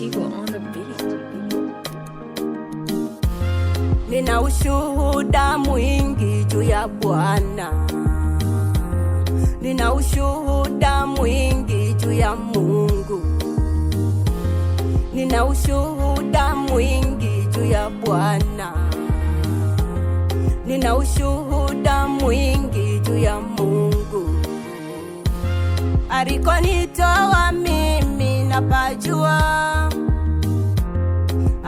Tigo on the beat. Nina ushuhuda mwingi juu ya Bwana, nina ushuhuda mwingi juu ya Mungu, nina ushuhuda mwingi juu ya Bwana, nina ushuhuda mwingi juu ya Mungu alikonitoa mimi napajua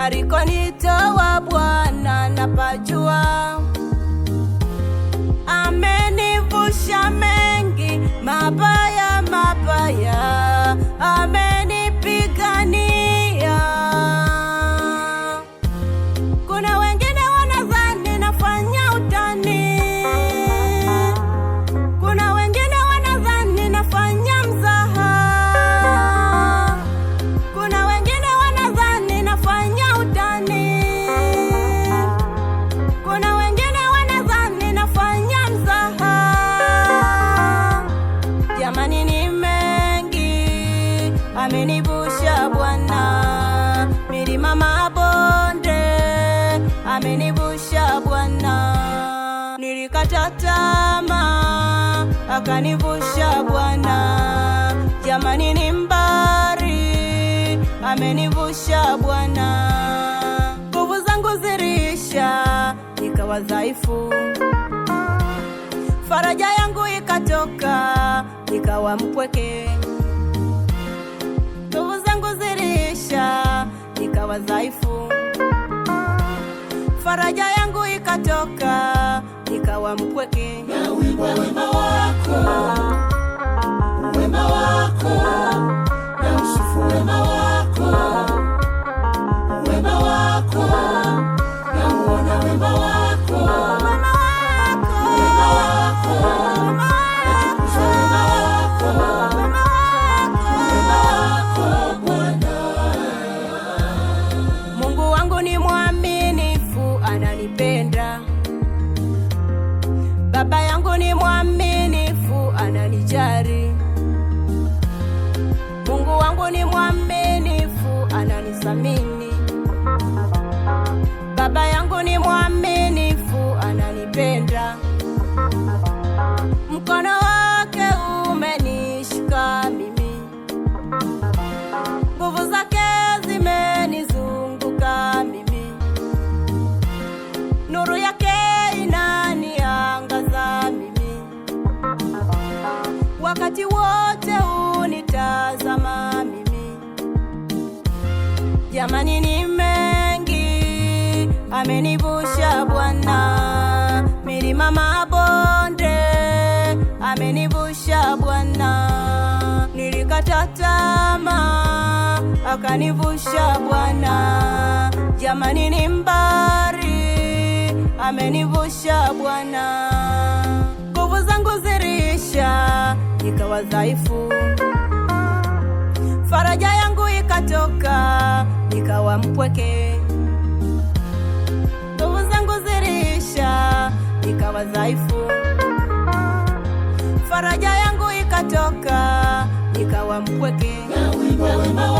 alikonitoa Bwana napajua, amenivusha mengi mabaya amenivusha Bwana milima, mabonde, amenivusha Bwana. Nilikata tamaa, akanivusha Bwana. Jamani ni mbari, amenivusha Bwana. Nguvu zangu zirisha, nikawa dhaifu faraja yangu ikatoka, nikawa mpweke. wadhaifu. Faraja yangu ikatoka, ikawa mkweke. Nauimba wema wako, wema wako Baba yangu ni mwaminifu, ananijari. Mungu wangu ni mwaminifu amenivusha Bwana milima, mabonde amenivusha Bwana, nilikata tamaa akanivusha Bwana, jamani ni mbari amenivusha Bwana, nguvu zangu zirisha ikawa dhaifu, faraja yangu ikatoka ikawa mpweke wadhaifu, faraja yangu ikatoka, nikawa mpweke.